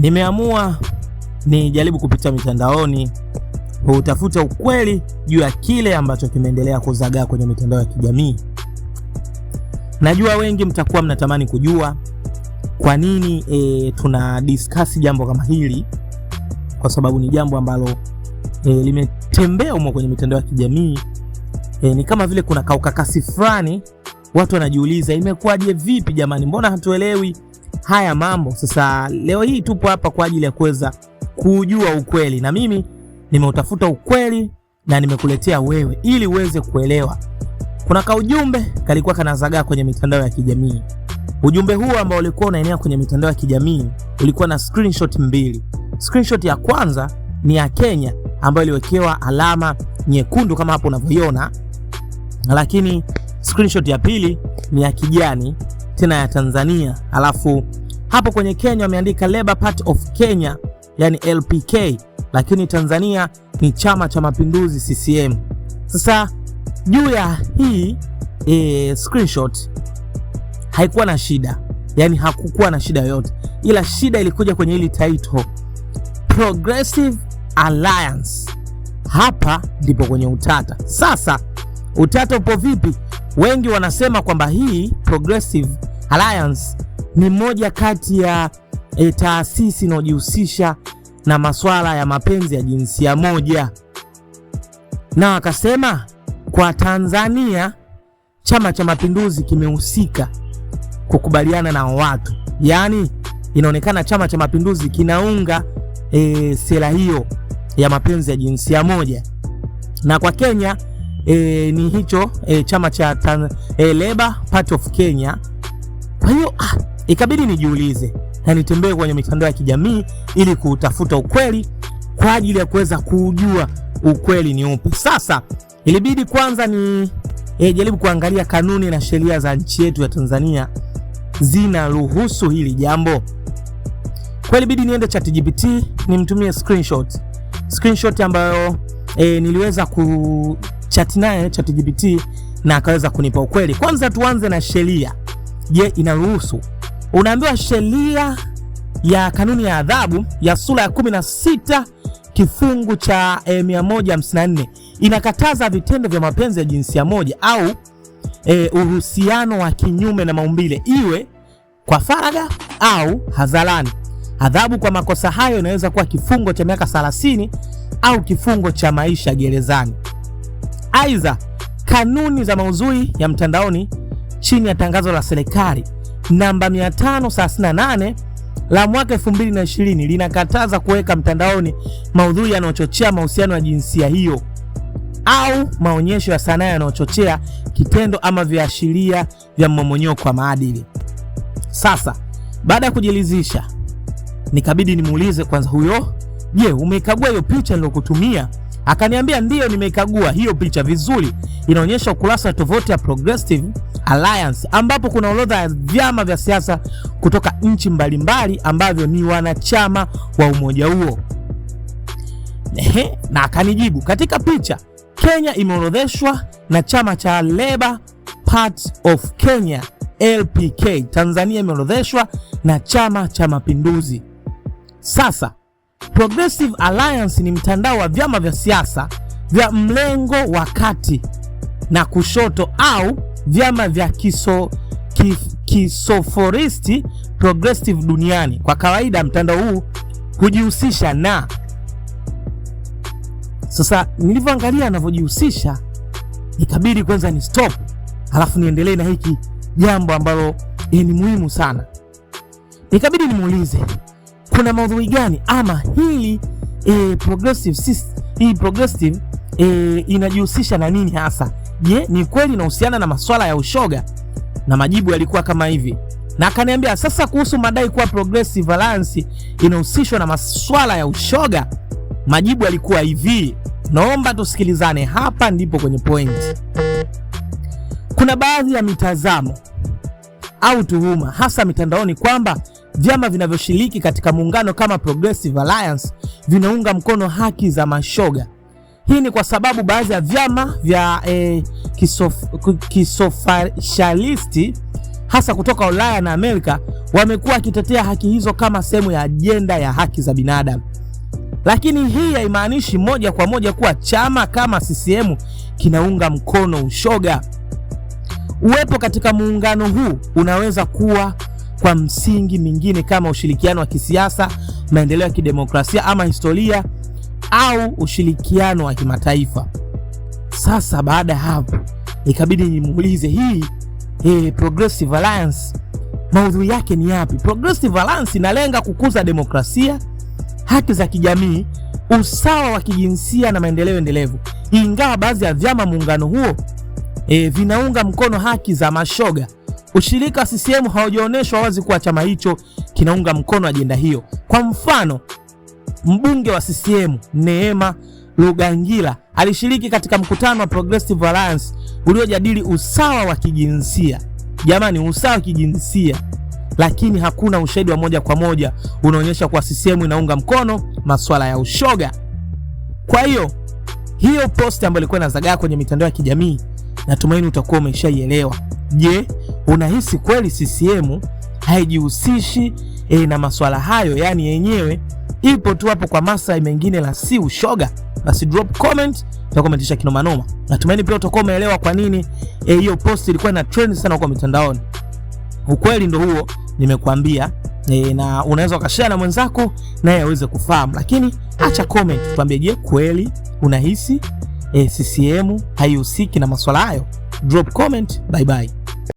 Nimeamua nijaribu kupita mitandaoni hutafuta ukweli juu ya kile ambacho kimeendelea kuzagaa kwenye mitandao ya kijamii. Najua wengi mtakuwa mnatamani kujua kwa nini e, tuna discuss jambo kama hili, kwa sababu ni jambo ambalo e, limetembea humo kwenye mitandao ya kijamii e, ni kama vile kuna kaukakasi fulani, watu wanajiuliza imekuwaje, vipi jamani, mbona hatuelewi haya mambo. Sasa leo hii tupo hapa kwa ajili ya kuweza kujua ukweli, na mimi nimeutafuta ukweli na nimekuletea wewe ili uweze kuelewa. Kuna kaujumbe kalikuwa kanazagaa kwenye mitandao ya kijamii. Ujumbe huu ambao ulikuwa unaenea kwenye mitandao ya kijamii ulikuwa na screenshot mbili. Screenshot ya kwanza ni ya Kenya ambayo iliwekewa alama nyekundu kama hapo unavyoiona, lakini screenshot ya pili ni ya kijani tena ya Tanzania. Alafu hapo kwenye Kenya wameandika Labour Party of Kenya, yani LPK, lakini Tanzania ni Chama cha Mapinduzi CCM. Sasa juu ya hii e, screenshot haikuwa na shida, yani hakukuwa na shida yoyote, ila shida ilikuja kwenye hili title Progressive Alliance. Hapa ndipo kwenye utata sasa. Utata upo vipi? Wengi wanasema kwamba hii Progressive Alliance ni moja kati ya e, taasisi inayojihusisha na masuala ya mapenzi ya jinsia moja, na akasema kwa Tanzania Chama cha Mapinduzi kimehusika kukubaliana na watu, yaani inaonekana Chama cha Mapinduzi kinaunga e, sera hiyo ya mapenzi ya jinsia moja, na kwa Kenya e, ni hicho e, chama cha e, Labour Party of Kenya kwa hiyo ah, ikabidi nijiulize na nitembee kwenye mitandao ya kijamii ili kutafuta ukweli kwa ajili ya kuweza kujua ukweli ni upi. Sasa ilibidi kwanza ni e, jaribu kuangalia kanuni na sheria za nchi yetu ya Tanzania zinaruhusu hili jambo. Kwa ilibidi niende ChatGPT nimtumie screenshot. Screenshot ambayo e, niliweza ku chat naye ChatGPT na akaweza kunipa ukweli. Kwanza tuanze na sheria je, inaruhusu? Unaambiwa sheria ya kanuni ya adhabu ya sura ya 16 kifungu cha eh, e, 154 inakataza vitendo vya mapenzi ya jinsia moja au e, uhusiano wa kinyume na maumbile, iwe kwa faragha au hadharani. Adhabu kwa makosa hayo inaweza kuwa kifungo cha miaka 30 au kifungo cha maisha gerezani. Aidha, kanuni za maudhui ya mtandaoni chini ya tangazo la serikali namba 538 la mwaka 2020 linakataza kuweka mtandaoni maudhui yanayochochea mahusiano ya jinsia hiyo au maonyesho ya sanaa yanayochochea kitendo ama viashiria vya mmomonyoko wa maadili. Sasa baada ya kujilizisha, nikabidi nimuulize kwanza huyo, je, umeikagua hiyo picha nilokutumia? Akaniambia ndiyo, nimeikagua hiyo picha vizuri, inaonyesha ukurasa wa tovuti ya Progressive Alliance ambapo kuna orodha ya vyama vya siasa kutoka nchi mbalimbali ambavyo ni wanachama wa umoja huo. Ehe, na akanijibu katika picha, Kenya imeorodheshwa na chama cha Labour Party of Kenya LPK. Tanzania imeorodheshwa na chama cha Mapinduzi. Sasa Progressive Alliance ni mtandao wa vyama vya siasa vya mlengo wa kati na kushoto au vyama vya kiso, kisoforisti progressive duniani. Kwa kawaida mtandao huu hujihusisha na sasa nilivyoangalia anavyojihusisha ikabidi kwanza ni stop, halafu niendelee na hiki jambo ambalo eh, ni muhimu sana. Ikabidi nimuulize kuna maudhui gani ama hili e, progressive, hii progressive e, inajihusisha na nini hasa? je, ni kweli inahusiana na maswala ya ushoga? Na majibu yalikuwa kama hivi, na akaniambia sasa, kuhusu madai kuwa Progressive Alliance inahusishwa na maswala ya ushoga, majibu yalikuwa hivi. Naomba tusikilizane, hapa ndipo kwenye point Kuna baadhi ya mitazamo au tuhuma hasa mitandaoni kwamba vyama vinavyoshiriki katika muungano kama Progressive Alliance vinaunga mkono haki za mashoga hii ni kwa sababu baadhi ya vyama vya eh, kisofashalisti hasa kutoka Ulaya na Amerika wamekuwa wakitetea haki hizo kama sehemu ya ajenda ya haki za binadamu, lakini hii haimaanishi moja kwa moja kuwa chama kama CCM kinaunga mkono ushoga. Uwepo katika muungano huu unaweza kuwa kwa msingi mingine kama ushirikiano wa kisiasa, maendeleo ya kidemokrasia ama historia au ushirikiano wa kimataifa. Sasa baada ya hapo, ikabidi nimuulize hii eh, Progressive Alliance maudhui yake ni yapi? Progressive Alliance inalenga kukuza demokrasia, haki za kijamii, usawa wa kijinsia na maendeleo endelevu, ingawa baadhi ya vyama muungano huo e, vinaunga mkono haki za mashoga. Ushirika wa CCM haujaonyeshwa wazi kuwa chama hicho kinaunga mkono ajenda hiyo. Kwa mfano, Mbunge wa CCM Neema lugangila alishiriki katika mkutano wa Progressive Alliance uliojadili usawa wa kijinsia. Jamani, usawa wa kijinsia, lakini hakuna ushahidi wa moja kwa moja unaonyesha kuwa CCM inaunga mkono masuala ya ushoga. Kwa hiyo hiyo posti ambayo ilikuwa inazagaa kwenye mitandao ya kijamii, natumaini utakuwa umeshaielewa. Je, unahisi kweli CCM haijihusishi e, na masuala hayo? Yaani yenyewe ipo tu hapo kwa masa mengine la si ushoga, basi drop comment na kumentisha kinomanoma. Natumaini pia utakuwa umeelewa kwa nini eh, hiyo e, post ilikuwa ina trend sana huko mitandaoni. Ukweli ndo huo nimekuambia, e, na unaweza ukashare na mwenzako naye aweze kufahamu, lakini acha comment tuambie, je, kweli unahisi e, eh, CCM haihusiki na masuala hayo? Drop comment. Bye bye.